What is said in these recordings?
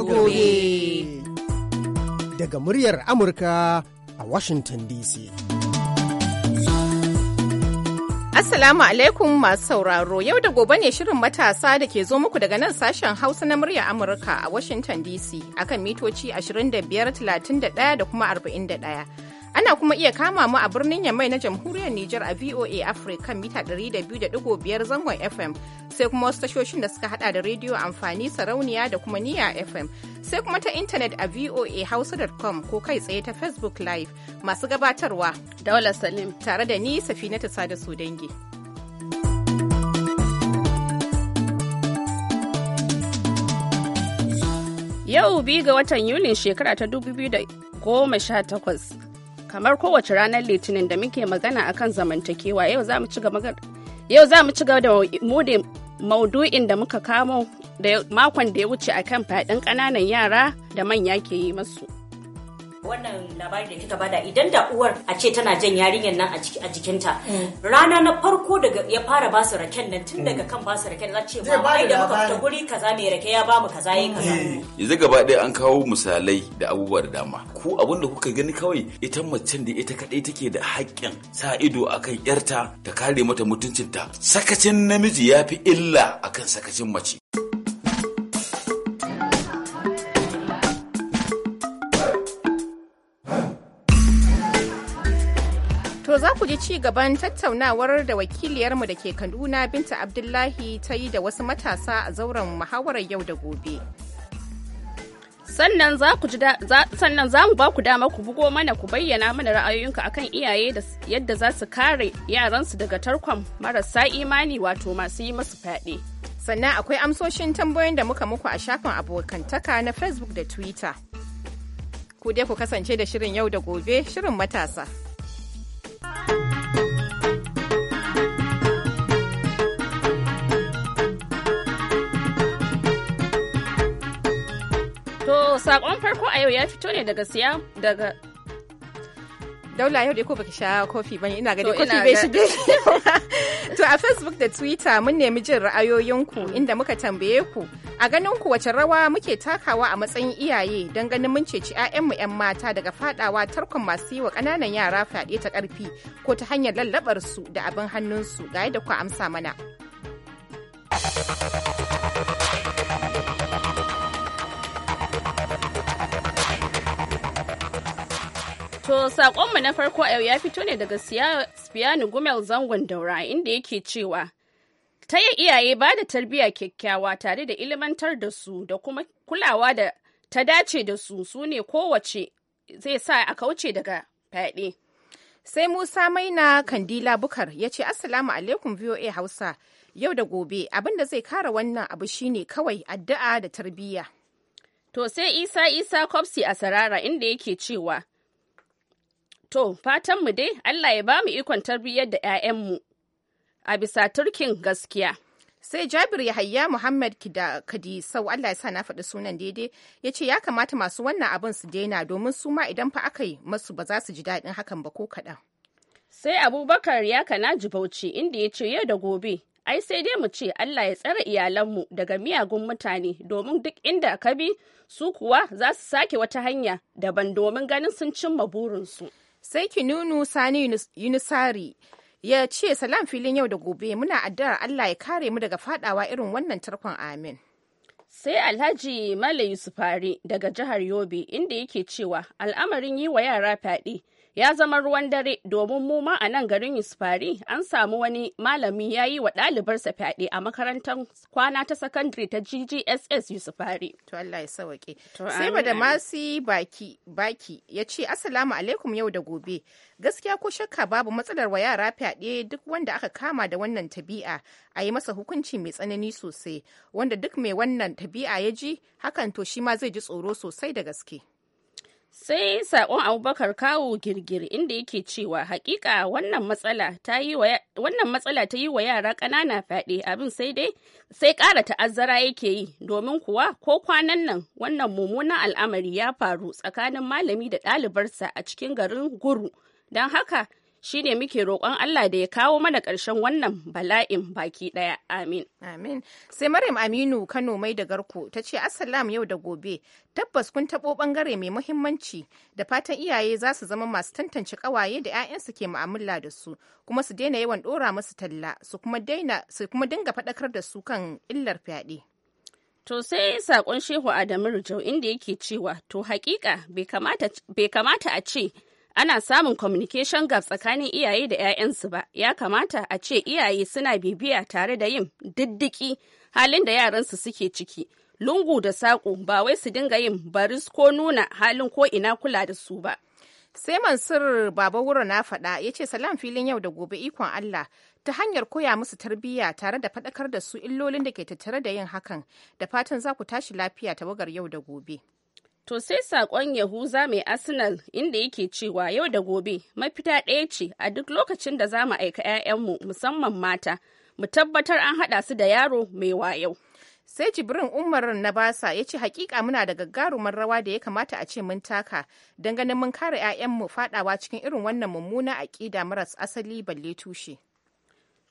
da gobe. Daga muryar Amurka a Washington DC. Assalamu alaikum masu sauraro yau da gobe ne shirin matasa da ke zo muku daga nan sashen Hausa na murya Amurka a Washington DC akan mitoci 25, 31 da kuma 41. Ana kuma iya kama mu a birnin Yamai na jamhuriyar Nijar a VOA Africa mita 200.5 zangon FM sai kuma wasu tashoshin da suka hada da rediyo amfani sarauniya da kuma niya FM sai kuma ta intanet a voahausa.com ko kai tsaye ta Facebook Live masu gabatarwa Daula Salim tare da ni Safinatu Sada Sudangi. Yau bi ga watan Yulin shekara ta 2018 kamar kowace ranar litinin da muke magana akan zamantakewa yau za mu ci gaba da maudu'in da muka kamo da makon da ya wuce akan faɗin ƙananan yara da manya ke yi masu. wannan labari da kika bada idan da uwar a ce tana jan yarinyar nan a jikinta rana na farko daga ya fara ba su raken nan tun daga kan ba su raken za ce ba mai da muka fita guri kaza mai rake ya ba mu kaza yayi kaza eh. yanzu gaba ɗaya an kawo misalai da abubuwa da dama ku abin da kuka gani kawai ita macen da ita kadai take da haƙƙin sa ido akan yarta ta kare mata mutuncinta sakacin namiji ya fi illa akan sakacin mace To za ku ji ci gaban tattaunawar da wakiliyarmu da ke Kaduna Binta Abdullahi ta yi da wasu matasa a zauren muhawarar yau da gobe. Sannan za mu ba ku dama ku bugo mana ku bayyana mana ra'ayoyinku akan iyaye da yadda za su kare yaransu daga tarkon marasa imani wato masu yi masu fyaɗe. Sannan akwai amsoshin tambayoyin da muka muku a shafin abokantaka na Facebook da Twitter. Ku dai ku kasance da shirin yau da gobe, shirin matasa. Saƙon farko a yau ya fito ne daga siya daga daula yau dai ko baki sha kofi bane ina gani kofi bai shige to a facebook da twitter mun nemi jin ra'ayoyinku inda muka tambaye ku a ganin ku wace rawa muke takawa a matsayin iyaye don ganin mun ceci mu 'yan mata daga fadawa tarkon masu yi wa kananan yara fyaɗe ta karfi ko ta hanyar lallabar su da abin hannunsu ga yadda ku amsa mana To saƙonmu na farko yau ya fito ne daga Siyanu Gumel zangon daura inda yake cewa ta yi iyaye ba da tarbiyya kyakkyawa tare da ilimantar da su da kuma kulawa da ta dace da su su ne kowace zai sa a kauce daga fyaɗe. Sai Musa Maina Kandila Bukar ya ce Assalamu alaikum VOA Hausa yau da gobe abin da zai kara wannan abu shine kawai addu'a da tarbiyya. To sai Isa Isa Kwabsi a Sarara inda yake cewa To, fatanmu dai Allah ya ba mu ikon tarbiyyar da 'ya'yanmu a bisa turkin gaskiya. sai jabir yahaya muhammad kadisau allah ya sa na faɗi sunan daidai ya ce ya kamata masu wannan abin su daina domin su ma idan fa aka yi masu ba za su ji daɗin hakan ba ko kaɗan sai abubakar ya kana bauchi inda ya ce yau da gobe ai sai dai mu ce allah ya tsare iyalanmu daga miyagun mutane domin duk inda ka bi su kuwa za su sake wata hanya daban domin ganin sun cimma burinsu sai nunu sani yunusari ya ce salam filin yau da gobe muna addu'ar allah ya kare mu daga fadawa irin wannan tarkon amin sai alhaji mala yusufari daga jihar yobe inda yake cewa al'amarin yi wa yara fyaɗe ya zama ruwan dare domin mu ma a nan garin Yusufari an samu wani malami ya yi wa ɗalibarsa fyaɗe a makarantar kwana ta sakandare ta GGSS Yusufari. To Allah ya sauke. Sai da masi baki baki ya ce asalamu alaikum yau da gobe. Gaskiya ko shakka babu matsalar wa yara fyaɗe duk wanda aka kama da wannan tabi'a a yi masa hukunci mai tsanani sosai wanda duk mai wannan tabi'a ya ji hakan to shi ma zai ji tsoro sosai da gaske. sai saƙon abubakar kawo girgir inda yake cewa haƙiƙa wannan matsala ta yi wa yara ƙanana fyaɗe abin sai dai sai ƙara ta'azzara yake yi domin kuwa ko kwanan nan wannan mummunan al'amari ya faru tsakanin malami da ɗalibarsa a cikin garin guru don haka shi ne muke roƙon Allah da ya kawo mana ƙarshen wannan bala'in baki ɗaya amin. Amin. Sai Maryam Aminu Kano mai da Garku ta ce Assalam yau da gobe tabbas kun taɓo ɓangare mai muhimmanci da fatan iyaye za su zama masu tantance ƙawaye da 'ya'yansu ke mu'amala da su kuma su daina yawan ɗora musu talla su kuma daina su kuma dinga faɗakar da su kan illar fyaɗe. To sai saƙon Shehu Adamu Rijau inda yake cewa to hakika bai kamata a ce ana samun communication gap tsakanin iyaye da 'ya'yansu ba ya kamata a ce iyaye suna bibiya tare da yin diddiki halin da yaransu suke ciki lungu da saƙo ba wai su dinga yin baris ko nuna halin ko ina kula da su ba sai mansur baba wura na faɗa ya ce salam filin yau da gobe ikon allah ta hanyar koya musu tarbiyya tare da faɗakar da su illolin da ke tattare da yin hakan da fatan za ku tashi lafiya tawagar yau da gobe To sai saƙon Yahuza mai Arsenal inda yake cewa yau da gobe mafita ɗaya ce a duk lokacin da za mu aika 'ya'yanmu musamman mata mu tabbatar an haɗa su da yaro mai wayau. Sai Jibrin Umar na basa ya ce hakika muna da gagarumar rawa da ya kamata a ce mun taka don ganin mun kare 'ya'yanmu fadawa cikin irin wannan mummuna aƙida maras asali balle tushe.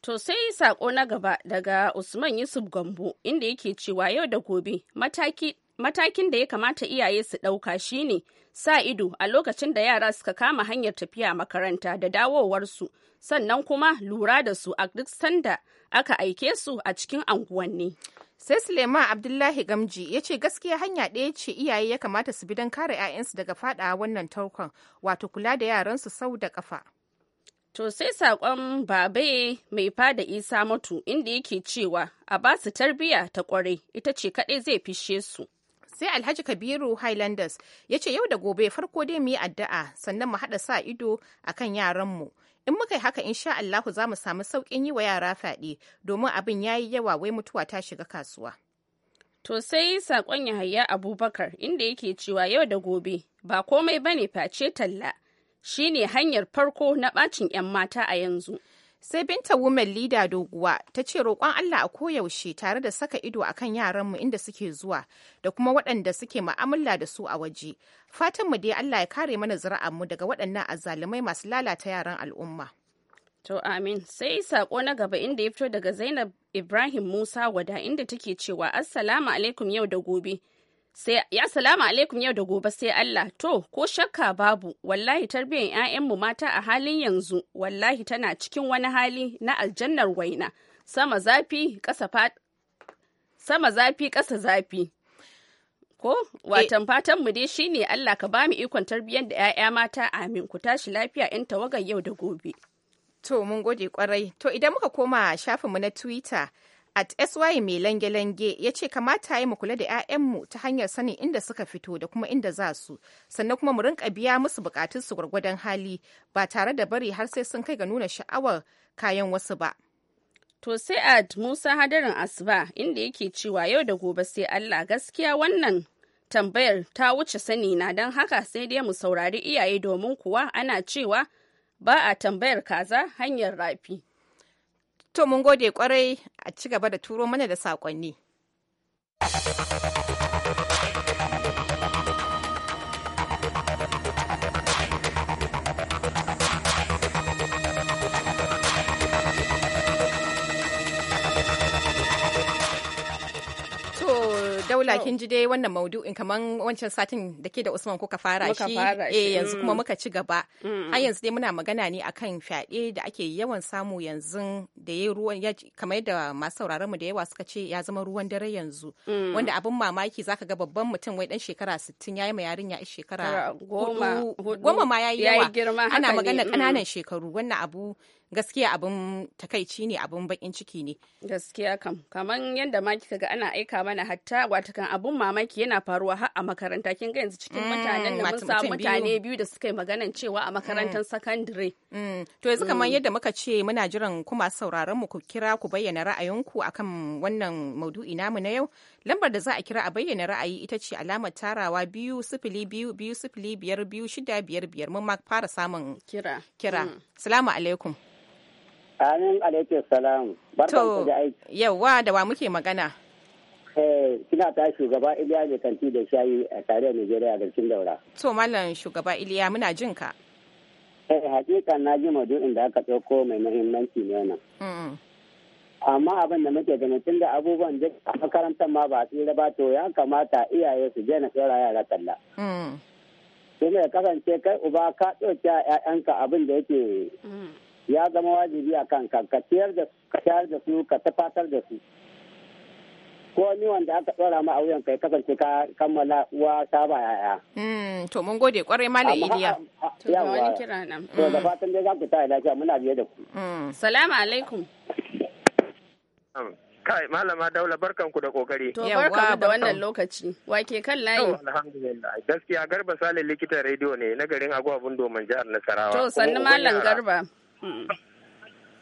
To sai sako na gaba daga Usman Yusuf Gambo inda yake cewa yau da gobe mataki matakin da ya kamata iyaye su ɗauka shine sa ido a lokacin da yara suka kama hanyar tafiya makaranta da dawowarsu sannan kuma lura da su a duk sanda aka aike su a cikin anguwanni. sai suleiman abdullahi gamji ya ce gaskiya hanya ɗaya ce iyaye ya kamata su bi don kare 'ya'yansu daga fada wannan taukon wato kula da yaransu sau da ƙafa. To sai saƙon babe mai fada isa mutu inda yake cewa a ba su tarbiyya ta ƙware ita ce kaɗai zai fishe su. sai alhaji kabiru highlanders ya ce yau da gobe farko dai mu yi addu'a sannan mu haɗa sa ido a kan yaranmu in muka yi haka insha allahu za mu samu sauƙin yi wa yara fyaɗe domin abin ya yi yawa wai mutuwa ta shiga kasuwa To sai saƙon Yahaya Abubakar inda yake cewa yau da gobe ba komai bane face talla shine hanyar farko na ɓacin 'yan mata a yanzu. Sai Binta Women Leader Doguwa ta ce roƙon Allah a koyaushe tare da saka ido a kan yaranmu inda suke zuwa da kuma waɗanda suke ma'amala da su a waje. Fatanmu dai Allah ya kare mana mu daga waɗannan azzalumai masu lalata yaran al'umma. To amin sai sako na gaba inda ya fito daga Zainab Ibrahim Musa wada inda take cewa Assalamu alaikum yau da gobe. sai ya salamu alaikum yau da gobe sai Allah to ko shakka babu wallahi tarbiyyar mu mata a halin yanzu wallahi tana cikin wani hali na aljannar waina sama zafi ƙasa zafi zafi ko eh. watan fatan mu dai shine Allah ka ba mu ikon tarbiyyar da 'ya'ya mata amin ku tashi lafiya in tawagar yau da gobe to mun gode kwarai to idan muka koma shafinmu na Twitter at sy mai lange-lange ya ce kamata yi mu kula da 'ya'yanmu ta hanyar sanin inda suka fito da kuma inda za su sannan kuma mu rinka biya musu bukatun su gwargwadon hali ba tare da bari har sai sun kai ga nuna sha'awar kayan wasu ba To sai ad Musa hadarin Asuba inda yake cewa yau da gobe sai Allah gaskiya wannan tambayar ta wuce sani na don haka sai dai mu saurari iyaye domin kuwa ana cewa ba a tambayar kaza hanyar rafi. To mun gode kwarai a ci gaba da turo mana da saƙonni. daula kin ji dai wannan maudu'in kamar wancan satin da ke da Usman kuka fara shi eh yanzu kuma mm. muka ci gaba har yanzu dai muna magana ne akan fyaɗe da ake yawan samu yanzu da yayi ruwan kamar yadda masu sauraron mu da yawa suka ce ya zama ruwan dare yanzu mm. wanda abin mamaki zaka ga babban mutum wai dan shekara 60 yayi ma yarinya shekara goma ma yayi yawa ana magana kananan mm. shekaru wannan abu gaskiya abin takaici ne abin bakin ciki ne gaskiya kam kamar yadda ma kika ga ana aika mana hatta watakan abun mamaki yana faruwa har a makaranta kin ga yanzu cikin mm, mutanen da mun samu mutane biyu da suka yi maganan cewa a makarantar mm. sakandare mm. to yanzu kamar yadda muka ce muna jiran kuma sauraron mu ku kira ku bayyana ra'ayinku akan wannan maudu'i namu na yau lambar da za a kira a bayyana ra'ayi ita ce alamar tarawa biyu sifili biyu biyu sifili biyar biyu shida biyar biyar mun ma fara samun kira kira salamu alaikum Amin alaikum salam. To Yawwa da wa muke magana? Eh, kina ta shugaba Iliya ne kanti da shayi a tare da Nigeria a garkin daura. To malam shugaba Iliya muna jin ka. Eh, hakika na ji maudu'in da aka ɗauko mai muhimmanci ne nan. Amma abin da muke ganin tunda abubuwan da a makarantar ma ba tsira ba to ya kamata iyaye su je na tsora yara talla. Mm. Kuma ya kasance kai uba ka a 'ya'yanka abin da yake mm. ya zama wajibi a kan ka ciyar da su ka shayar da su ka tafatar da su ko ni wanda aka tsora ma a wuyan kai kasance ka kammala uwa ta ba yaya mm, to mun gode kwarai malam Iliya Ya wani kira nan to da mm. fatan dai za ku ta lafiya muna biye da ku mm. salamu alaikum kai malama daula barkan ku da kokari to barka da wannan lokaci wake kan layi alhamdulillah gaskiya garba sale likitan rediyo ne na garin agwa bundo man jihar nasarawa to sannu malam garba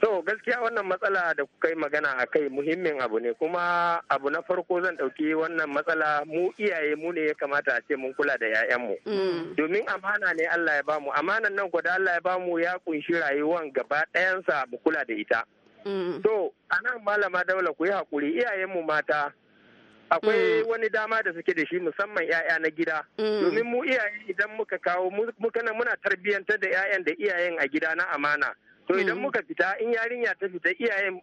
So gaskiya wannan matsala da kuka yi magana a kai muhimmin abu ne kuma abu na farko zan ɗauki wannan matsala mu iyaye mu ne ya kamata a ce mun kula da 'ya'yanmu. Mm. Domin amana ne Allah ya bamu amanan nan da Allah ya bamu ya kunshi rayuwan gaba ɗayansa mu kula da ita. So mm. a nan malama daula ku yi haƙuri iyayenmu mata akwai mm. wani dama da suke da shi musamman 'ya'ya na gida mm. domin mu iyaye idan muka kawo muka muna tarbiyyantar da 'ya'yan da iyayen a gida na amana to mm. idan muka fita in yarinya ta fita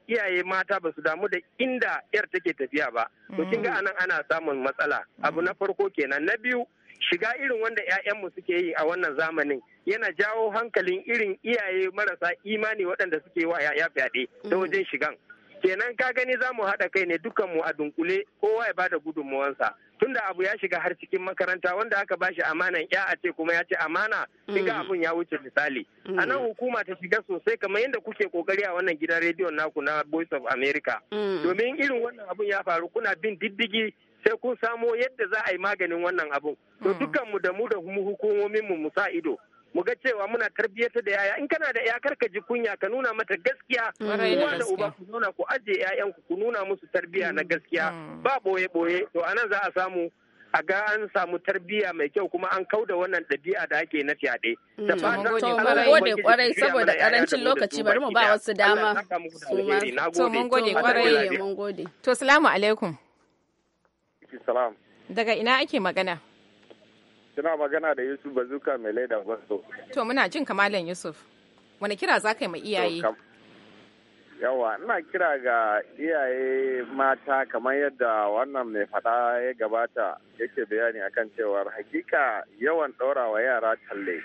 iyaye mata basu damu da inda yar take tafiya ba to kin ga anan ana samun matsala abu na farko kenan na biyu shiga irin wanda mu suke yi a wannan zamanin yana jawo hankalin irin iyaye marasa imani waɗanda suke wa 'ya'ya fyaɗe ta wajen shigan kenan ka gani za mu haɗa kai ne dukan mu a dunkule kowa ya ba da gudunmuwansa tunda abu ya shiga har cikin makaranta wanda aka bashi amanan ya a ce kuma ya ce amana shiga mm. abun ya wuce misali mm. a nan hukuma ta shiga sosai kamar yadda kuke kokari a wannan gidan rediyon naku na voice of america mm. domin irin wannan abun ya faru kuna bin diddigi sai kun samo yadda za a yi maganin wannan abun to dukan mu da mu da hukumomin mu mu sa ido mu ga cewa muna tarbiyyata da yaya in kana da ya karka ji kunya ka nuna mata gaskiya uwa da uba ku zauna ku ajiye yayan ku ku nuna musu tarbiyya na gaskiya mm. ba boye boye to anan za a samu a ga an samu tarbiyya mai kyau kuma an kau da wannan ɗabi'a da ake na fyaɗe. Mm. Da fatan gode kwarai saboda karancin lokaci bari mu ba wasu dama. To mun gode kwarai mun gode. To salamu alaikum. Daga ina ake magana? Kina magana da Yusuf Bazuka mai laida Gwasso. To muna jin kamalan Yusuf. Wani kira za ka yi ma iyaye? Yawa, ina kira ga iyaye mata kamar yadda wannan mai faɗa ya gabata yake bayani akan cewar hakika yawan ɗaurawa yara talle.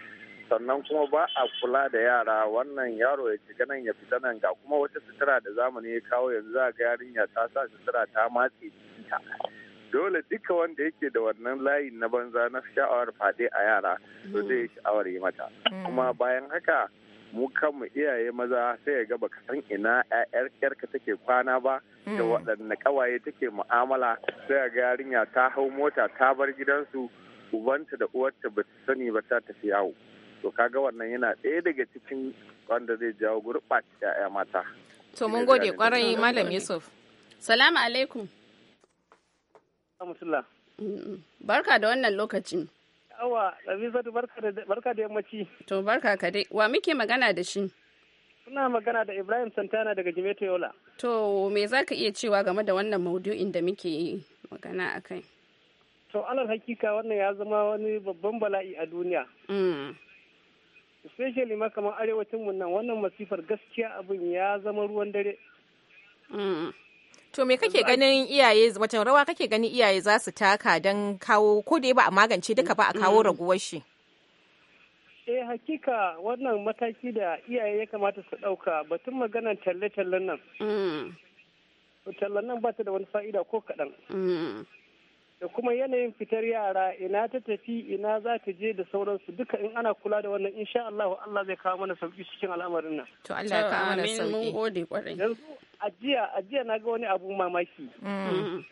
sannan kuma ba a kula da yara wannan yaro ya shiga nan ya fita nan ga kuma wata sutura da zamani ya kawo yanzu za ga yarinya ta sa sutura ta matse dole duka wanda yake da wannan layin na banza na sha'awar fade a yara to mm. zai sha'awar yi mata mm. kuma bayan haka mu kanmu iyaye maza sai ya gaba ka san ina yarka take kwana ba da mm. waɗanne ƙawaye take mu'amala sai ga yarinya ta hau mota ta bar gidansu ubanta da uwarta ba sani ba ta tafi yawo to kaga wannan yana ɗaya daga cikin wanda zai jawo gurɓata 'ya'ya mata to mun gode kwarai malam yusuf salamu alaikum Barka da wannan lokacin. Awa, barka da yammaci. To barka ka dai. Wa muke magana da shi? Suna magana da Ibrahim Santana daga Jimeto Yola. To me za ka iya cewa game da wannan maudu'in da muke magana a kai? To alal hakika wannan ya zama wani babban bala'i a duniya. Mm. Especially ma kamar arewacin mu nan wannan masifar gaskiya abin ya zama ruwan dare. Mm. To me kake ganin iyaye wace rawa kake ganin iyaye za su taka don kawo ko da ba a magance duka ba a kawo mm. raguwar shi? Eh hakika wannan mataki da iyaye ya kamata su ɗauka batun maganar talle-tallen nan. Mm. Tallen nan ba ta da wani fa'ida ko kaɗan. Mm. da kuma yanayin fitar yara ina ta tafi ina za ta je da sauransu duka in ana kula da wannan insha Allah Allah zai kawo mana sauki cikin al'amarin nan to Allah ya kawo mana sauki mun gode kwarai yanzu ajiya ajiya na ga wani abu mamaki mm.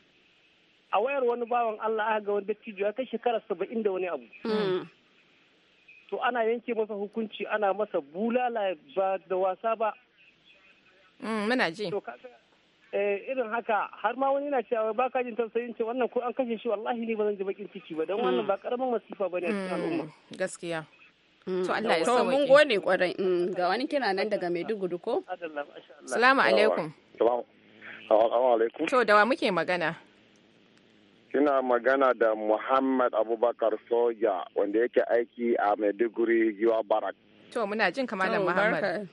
a wayar wani bawan Allah aka ga wani dattijo ya kai shekara 70 da wani abu mm. to ana yanke masa hukunci ana masa bulala ba da wasa ba mm, muna ji to Eh, irin haka har ma wani yana cewa ba ka jin tausayin ce wannan ko an kashe shi wallahi ne ba zan ji bakin ciki ba don wannan mm. ba karamin masifa ba ne a cikin mm, al'umma gaskiya mm. to Allah ya sauke to mun gode kwarai ga wani kina nan daga Maiduguri ko assalamu alaikum assalamu alaikum to da wa muke magana kina magana da Muhammad Abubakar Soja wanda yake aiki a Maiduguri Giwa Barak to muna jin kamalan Muhammad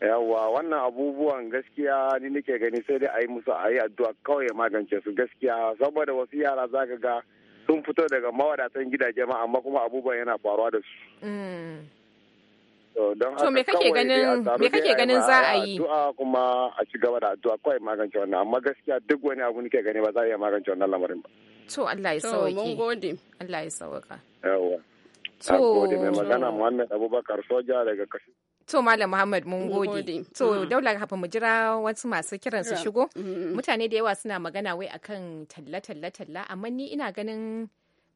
yawa wannan abubuwan gaskiya ni nake gani sai dai a yi musu a yi addu'a kawai ya magance su gaskiya saboda wasu yara za ka ga sun fito daga mawadatan gidaje ma amma kuma abubuwan yana faruwa da su. Mm. To me kake ganin me kake ganin za a yi? Addu'a kuma a ci gaba da addu'a kawai magance wannan amma gaskiya duk wani abu nake gani ba za a iya magance wannan lamarin ba. To Allah ya sauke. To mun gode. Allah ya sauka. Yawwa. To. Gode mai magana Muhammad Abubakar Soja daga Kashi. To Malam Muhammad mun gode. To mm. daula hafa mu jira wasu masu kiran su shigo. Mm-hmm. Mutane da yawa suna magana wai akan talla talla talla amma ni ina ganin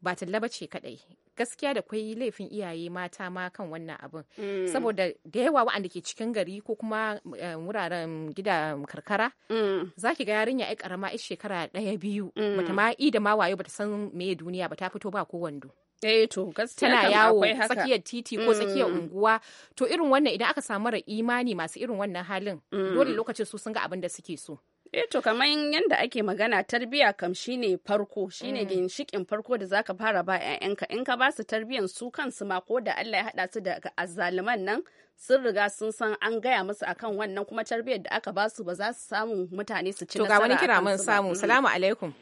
ba talla ba ce kadai. Gaskiya da kwai laifin iyaye mata ma kan wannan abin. Mm. Saboda da yawa wa'anda ke cikin gari ko kuma eh, wuraren gida karkara. Mm. Za ki ga yarinya ai karama ai shekara ɗaya biyu. Bata ma i da ma wayo bata san me duniya ba ta fito ba ko wando. eh to gaskiya tana yawo tsakiyar titi ko tsakiyar mm. unguwa to irin wannan idan aka samu mara imani masu irin wannan halin dole mm. lokacin su sun ga abin da suke so eh to kamar yadda ake magana tarbiyya kam shine farko shine mm. ginshikin farko da zaka fara ba 'ya'yanka in ka basu su tarbiyan su kansu ma ko da Allah ya hada su da azzaluman nan sun riga sun san an gaya musu akan wannan kuma tarbiyyar da aka basu su ba za su samu mutane su ci nasara to ga wani kira mun samu salamu alaikum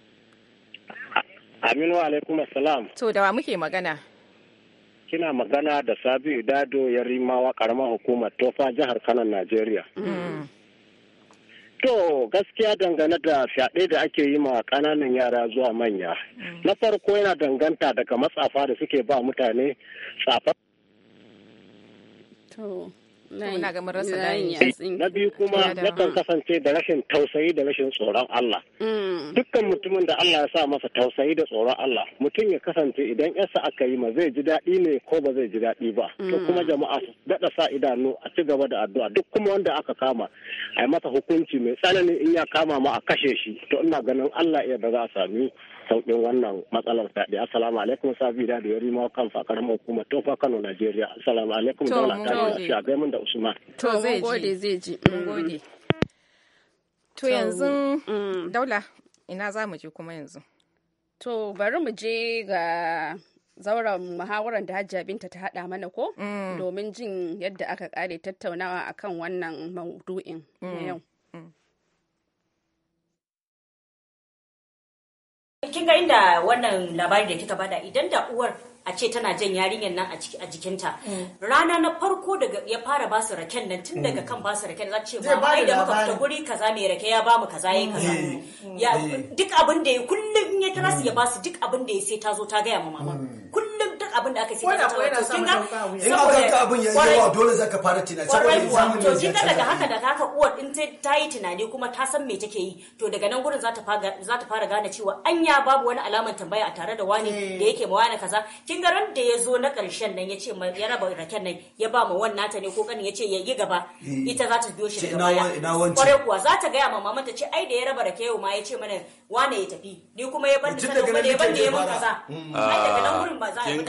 Aminu alaikum assalam. To da wa muke magana? Kina magana da sabi Dado ya rimawa karamar hukumar Tofa jihar Kano Najeriya. Mm. To gaskiya dangane da fyaɗe da ake yi ma ƙananan yara zuwa manya. Mm. Na farko yana danganta daga matsafa da suke ba mutane tsafa. To. na biyu kuma nakan kasance da rashin tausayi da rashin tsoron Allah mm. dukkan mutumin da Allah ya sa masa tausayi da tsoron Allah mutum ya kasance idan yasa aka yi ma zai ji daɗi ne ko ba zai ji daɗi ba to mm. kuma jama'a su daɗa sa idanu a ci gaba da addu'a duk kuma wanda aka kama a yi masa hukunci mai tsanani in ya kama ma a kashe shi to ina ganin Allah ya da za a sami sauƙin wannan matsalar fyaɗe assalamu alaikum sabi da yari ma kan fakarar hukumar tofa kano najeriya assalamu alaikum da wala ta a gaimun da usman to zai gode zai ji mm. gode to yanzu mm. daula ina za mu je kuma yanzu to bari mu je ga zauren muhawarar da hajjia binta ta hada mana ko mm. domin jin yadda aka kare tattaunawa akan wannan maudu'in yau kin ga inda wannan labari da kika bada idan da uwar a ce tana jan yarinyar nan a jikinta mm. rana na farko daga ya fara ba su raken nan tun daga mm. kan ba su raken za ce ba ai da muka fita guri kaza mai rake ya ba mu kaza yayi mm. kaza duk abin da ya kullum in ya tara su ya ba su duk abin da ya sai ta zo ta gaya ma mama abin da aka sai ta tawa kin ga in aka ga abin yayi yawa dole zaka fara tunani saboda zamu to kin ga daga haka da haka uwar in ta yi tunani kuma ta san me take yi to daga nan gurin za ta fara za fara gane cewa anya babu wani alamar tambaya a tare da wani eh. da yake ma wani kaza kin ga ran da ya zo na karshen nan ya ce ya raba raken nan ya ba ma wannan ta ne ko kanin ya ce ya yi gaba eh. ita za ta biyo shi daga baya kwarai kuwa za ta gaya ma maman ta ce ai da ya raba rake yau ma ya ce mana wane ya tafi ni kuma ya bani sanin kuma da ya bani ya mun kaza hmm. ai daga nan gurin ba za a yi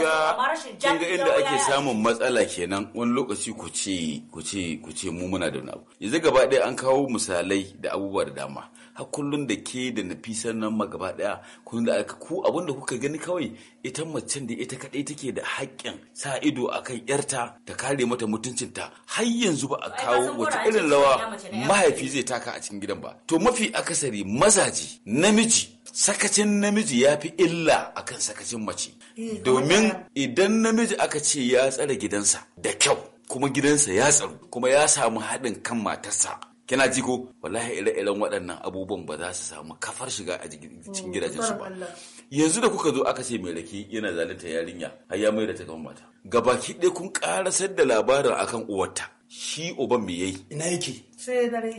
kin inda ake samun matsala kenan wani lokaci ku ce ku ce mu muna da wani abu yanzu gaba ɗaya an kawo misalai da abubuwa da dama har kullum da ke da nafisar nan ma gaba daya kun da aka ku abin da kuka gani kawai ita macen da ita kadai take da haƙƙin sa ido akan yarta ta kare mata mutuncinta har yanzu ba a kawo wata irin lawa mahaifi zai taka a cikin gidan ba to mafi akasari mazaji namiji sakacin namiji ya fi illa akan sakacin mace eh, domin idan namiji aka ce ya tsare gidansa da kyau kuma gidansa ya tsaru kuma ya samu haɗin kan matarsa kina ji ko wallahi ire-iren waɗannan abubuwan ba za su samu kafar shiga a cikin mm, gidajen su ba yanzu da kuka zo aka ce mai rake yana zalunta yarinya har ya mai da ta gama mata gabaki ɗaya kun ƙarasar da labarin akan uwarta shi uban me yayi ina yake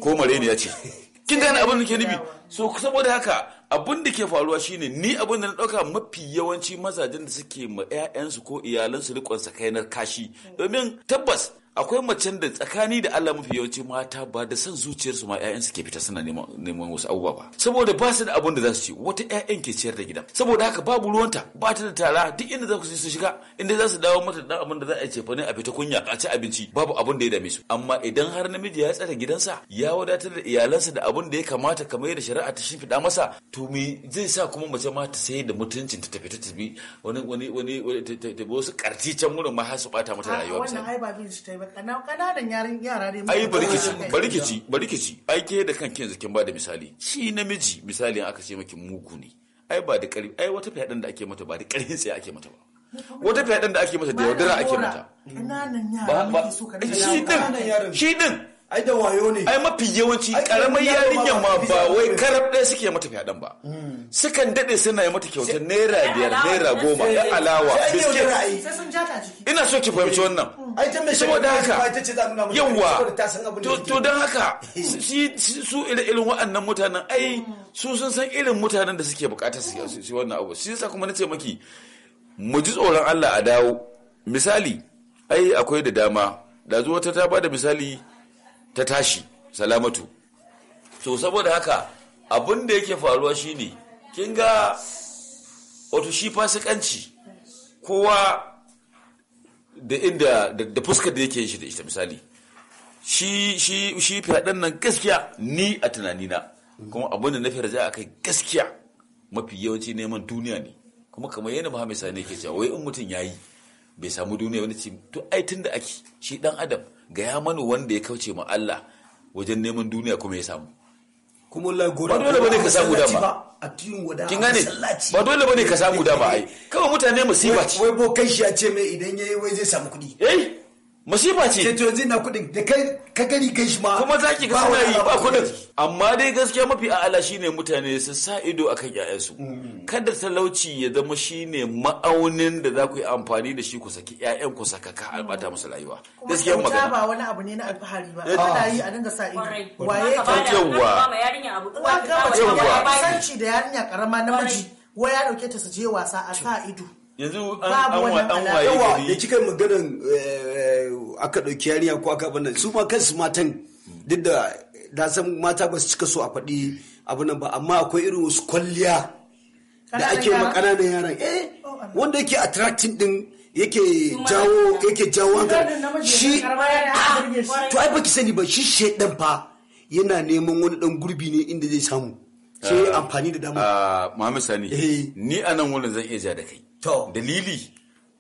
ko mare ne ya ce kin gane abin da ke nufi so saboda haka abin da ke faruwa shine ni abin da na ɗauka mafi yawanci mazajen da suke ma 'ya'yansu ko iyalansu rikon sakainar kashi mm. domin tabbas akwai macen da tsakani da Allah mafi yawanci mata ba da son zuciyarsu ma su ke fita suna neman wasu abubuwa ba saboda ba su da abin da za su ci wata ƴaƴan ke ciyar da gidan saboda haka babu ruwanta ba ta da tara duk inda za ku su shiga inda za su dawo mata da abin da za a fa ne a fita kunya a ci abinci babu abin da ya dame su amma idan har namiji ya tsare gidansa ya wadatar da iyalansa da abin da ya kamata kamar yadda shari'a ta shimfiɗa masa to me zai sa kuma mace ma ta sai da mutuncin ta tafi ta tafi wani wani wani wasu karti can wurin ma har su bata mata rayuwa misali kananan yaran yara ne ai barkici barkici barkici ai ke da kan kin zakin ba da misali shi namiji misali aka ce maki mugu ne ai ba da karfi ai wata fiyadan da ake mata ba da karfin sai ake mata ba wata fiyadan da ake mata da yaudara ake mata ba shi din shi din ai da wayo ne ai mafi yawanci karamar yarinyar ma ba wai karab ɗaya suke mata fyaɗen ba hmm. sukan daɗe suna yi mata kyauta naira biyar naira goma da eh. alawa biskit ina so ki fahimci eh. wannan saboda haka yawa to don haka su irin waɗannan mutanen ai su sun san irin mutanen da suke bukata su wannan abu shi yasa kuma na ce maki mu ji tsoron Allah a dawo misali ai akwai da dama da zuwa ta ba da misali ta tashi salamatu so saboda haka abin da yake faruwa shine kin ga wato shi fasikanci kowa da inda da fuskar da yake shi da ita misali shi shi shi fyaɗen nan gaskiya ni a tunanina kuma abin da na fi raja akai gaskiya mafi yawanci neman duniya ne kuma kamar yana Muhammad Sani yake cewa wai in mutum yi bai samu duniya wani ce to ai tunda ake shi dan adam gaya mana wanda ya kauce ma Allah wajen neman duniya kuma ya samu kuma Allah gora ba dole bane ka samu dama kin gane ba dole bane ka samu dama ai kawai mutane musiba ce wai bo kai shi a ce mai idan yayi wai zai samu kudi eh masifa ce to yanzu na kuɗin da kai ka gani kai shi ma kuma zaki ga suna yi ba kuɗin amma dai gaskiya mafi a'ala shine mutane su sa ido akan ƴaƴansu mm. kada talauci ya zama shine ma'aunin da za ku yi amfani da shi ku saki ƴaƴan ku saka ka albata musu rayuwa gaskiya magana ba wani abu ne na alfahari ba kana eh. yi a dinga sa ido waye ka yawa yawa sanci da yarinya karama namiji ya dauke ta su je wasa a sa ido yanzu an waye gari da kika maganin eh, aka ɗauki yarinya ko aka abin su ma kansu matan duk da da san mata ba su cika so a faɗi abin nan ba amma akwai irin wasu kwalliya da ake ma ƙananan yaran eh oh, wanda yake attracting din yake jawo yake jawo hankali ah! shi to ai baki sani ba shi shedan fa yana neman wani dan gurbi ne inda zai samu sai ah, amfani da dama ah, Muhammad Sani eh. ni anan wannan zan iya ja da kai To. Dalili,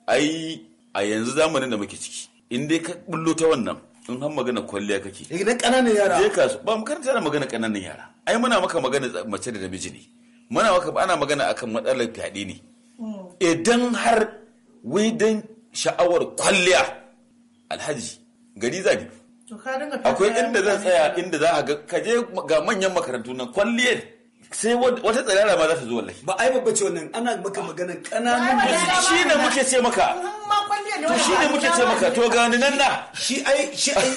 ai a yanzu zamanin da muke ciki, in dai ka bullo ta wannan, in har magana kwalliya kake. Idan eh, ƙananan yara. Je kasu, ba mu karanta magana ƙananan yara. Ai muna maka magana mace da namiji ne. Muna maka ana magana akan matsalar fyaɗe ne. Hmm. Idan har wai dan sha'awar kwalliya alhaji gari zabi. Akwai inda zan tsaya inda za a ga kaje ga manyan makarantu na kwalliyar sai wata tsirara ma za ta zo wallahi ba ai babba ce wannan ana maka magana kananan shi ne muke ce maka to shi ne muke ce maka to ga nan na shi ai shi ai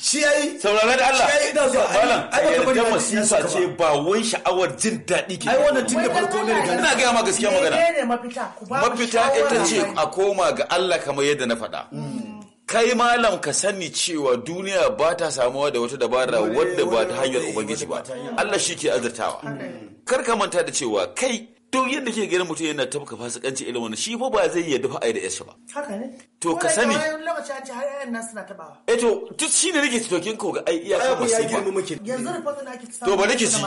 shi ai saurare da Allah shi ai da zuwa malam ai ba kamar masifa ce ba wani sha'awar jin daɗi ke ai wannan tun da farko ne daga ina ga ma gaskiya magana mafita ita ce a koma ga Allah kamar yadda na faɗa mm. kai malam ka sani cewa duniya ba ta samuwa da wata dabara wadda ba ta hanyar ubangiji ba Allah shi ke azurtawa kar ka manta da cewa kai to yadda ke ganin mutum yana tafka fasikanci irin wannan shi fa ba zai yadda fa ai da yashi ba haka ne to ka sani ko lokaci an ci har yayan nan suna tabawa eh to duk ne nake tokin ko ga ai iya ka ba yanzu da fatan ake to ba nake ci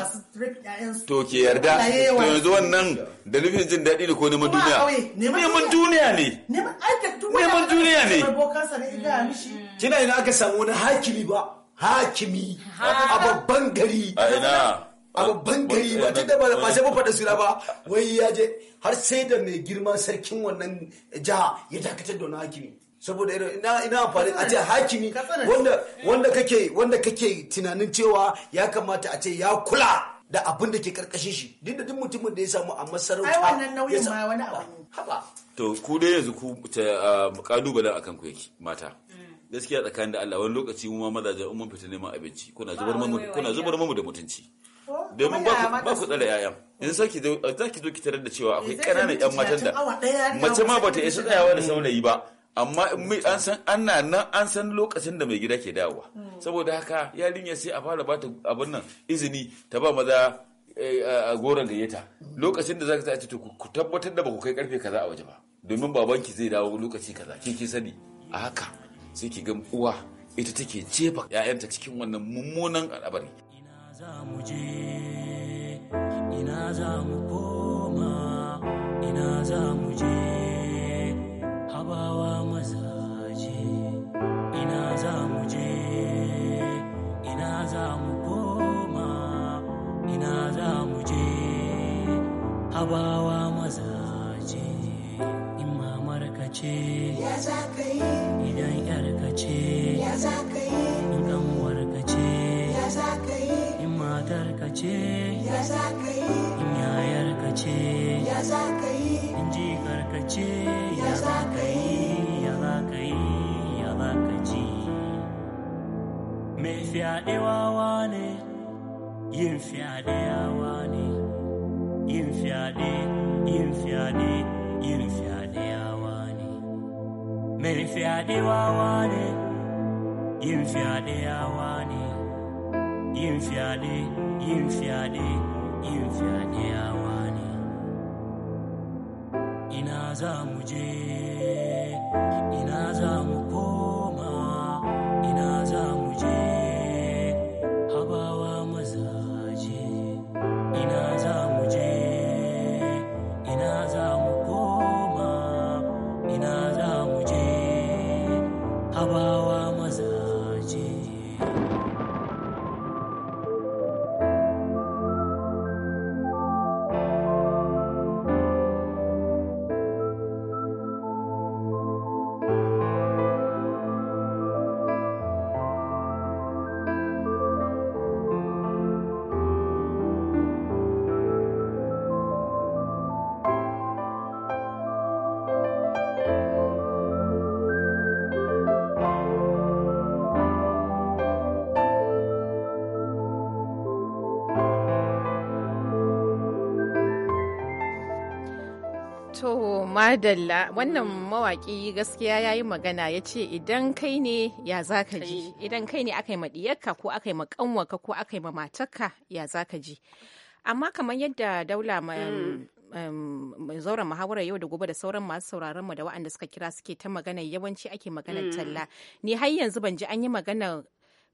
to ke yarda to yanzu wannan da nufin jin daɗi ne ko neman duniya neman duniya ne neman duniya ne mm. kina ina aka samu wani hakimi ba hakimi a babban gari a ina a ban gari ba eh, tun da ba sai mun faɗa suna ba wai ya je har sai da mai girman sarkin wannan jiha ya dakatar da wani hakimi saboda ina ina amfani a ce hakimi wanda wanda kake wanda kake tunanin cewa ya kamata a ce ya kula da abin da ke karkashin shi duk da duk mutumin da ya samu a masarauta ai wannan nauyin ma wani abu haba to ku dai yanzu ku kalubalen akan ku yake mata gaskiya tsakanin da Allah wani lokaci mu ma mazajen mun fita neman abinci kuna zubar mamu kuna zubar mamu da mutunci domin ba ku tsare 'ya'yan in saki eh, za ki zo ki tarar da cewa akwai ƙananan 'yan matan da mace ma bata isa tsayawa da mm. saurayi ba amma an san ana nan an san lokacin da mai gida ke dawowa mm. saboda haka ya sai a fara bata abin nan izini ta ba maza eh, a goron gayyata mm. lokacin da zaka ce ku tabbatar da ba ku kai karfe kaza a waje ba domin babanki zai dawo lokaci kaza ki ki sani a haka sai ki ga uwa ita take jefa 'ya'yanta cikin wannan mummunan al'abari za mu je ina za mu koma ina za mu je habawa mazaje ina za mu je ina za mu koma ina za mu je habawa mazaje in mamar ka ce idan yar ka ce in yayar ka ce in jikar ka ce ya za ka yi ya za ka yi ya za ka ji mai fyaɗe wawa ne yin fyaɗe yawa ne yin fyaɗe yin fyaɗe yin fyaɗe yin fyaɗe yin fyaɗe yawa ne ina za mu je ina za mu koma ina za mu je habawa mazaje ina za mu je ina za mu koma ina za Adalla wannan mawaki gaskiya ya yi magana ya ce idan kai ne ya za ka ji idan kai ne aka yi maɗiyarka ko aka yi makanwaka ko aka yi matarka ya za ka ji amma kamar yadda daula mm. um, um, zauren muhawarar yau da gobe da sauran masu sauraron mu da waɗanda suka kira suke ta magana yawanci ake maganar mm. talla ni har yanzu ban ji an yi maganar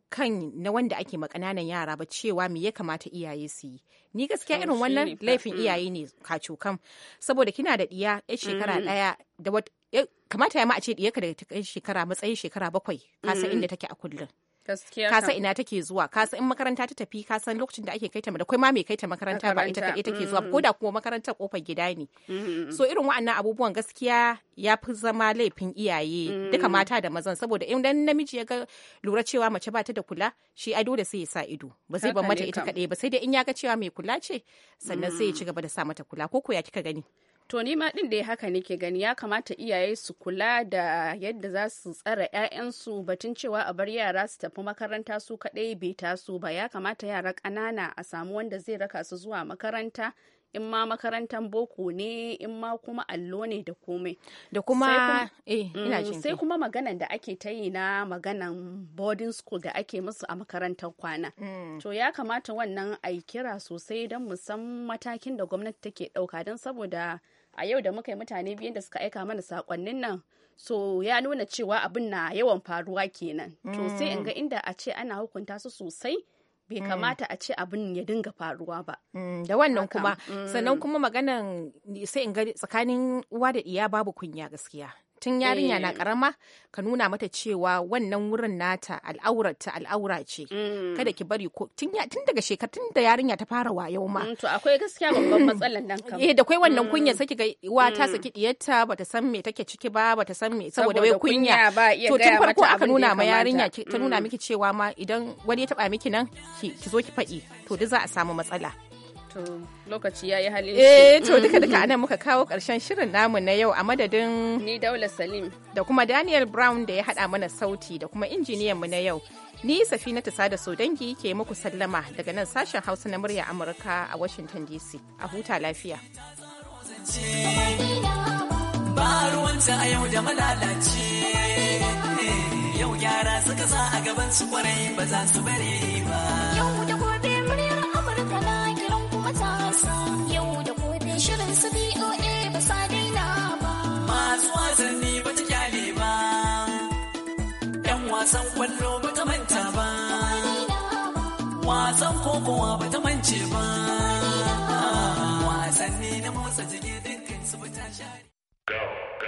kan na wanda ake ma kananan yara ba cewa me ya kamata iyaye su yi ni gaskiya irin wannan laifin mm. iyaye ne kacokan saboda kina da ɗiya ya shekara mm. ɗaya da kamata ya ma a ce ɗiyarka daga shekara matsayin shekara bakwai ka mm. inda take a kullum gaskiya ka ina take zuwa kasa in makaranta ta tafi ka san lokacin da ake kai ta da kai ma mai kai ta makaranta ba ita kai take zuwa mm. ko da kuma makarantar kofar gida ne mm, mm, so irin wa'annan abubuwan gaskiya ya fi zama laifin iyaye duka mata da mazan saboda in dan namiji ya ga lura cewa mace ba ta da kula shi ai dole sai ya sa ido ba zai bar mata ita kaɗai ba sai dai in ya ga cewa mai kula ce sannan sai ya ci gaba da sa mata kula ko ko ya kika gani to nima ma din da ya haka nake gani ya kamata iyaye su kula da yadda za su tsara 'ya'yansu batun cewa a bar yara su tafi makaranta su kaɗai bai taso ba ya kamata yara ƙanana a samu wanda zai raka su zuwa makaranta in ma makarantar boko ne in ma kuma allo ne da komai da kuma sai kuma, eh, mm, maganan da ake ta yi na maganan boarding school da ake musu a makarantar kwana mm. to ya kamata wannan a kira sosai don mu san matakin da gwamnati take ɗauka don saboda a yau da muka yi mutane biyun da suka aika mana sakonnin nan so ya nuna cewa abin na yawan faruwa kenan to sai in ga mm. inda a ce ana hukunta su sosai bai mm. kamata a ce abin ya dinga faruwa ba. Mm, da wannan kuma, sannan kuma maganan sai in ga tsakanin uwa da iya babu kunya gaskiya. tun yarinya na karama eh. ka nuna mata cewa wannan wurin nata al'aurata al'aura ce mm. kada ki bari ko tun daga shekar tun da yarinya ta fara wayo ma mm, to akwai gaskiya babban matsalan nan kam eh da kai wannan mm. kunya saki ga uwa ta saki diyarta bata san me take ciki ba bata san me saboda wai kunya to tun farko aka nuna ma yarinya ta nuna miki cewa ma idan wani ya taba miki nan ki zo ki faɗi to duk za a samu matsala To lokaci ya yi halin Eh to duka duka ana muka kawo karshen shirin namu na yau a madadin Ni Daula Salim da kuma Daniel Brown da ya haɗa mana sauti da kuma injiniyan mu na yau. Ni Safina ta sada Sodangi ke muku sallama daga nan sashen Hausa na murya Amurka a Washington DC. A huta lafiya. Eh, yau gyara suka sa a gaban su kwarai ba za su bare ba. kwallo ba ta manta ba wasan kokowa ba ta mance ba wasanni na motsa jiki dinkin su ba ta share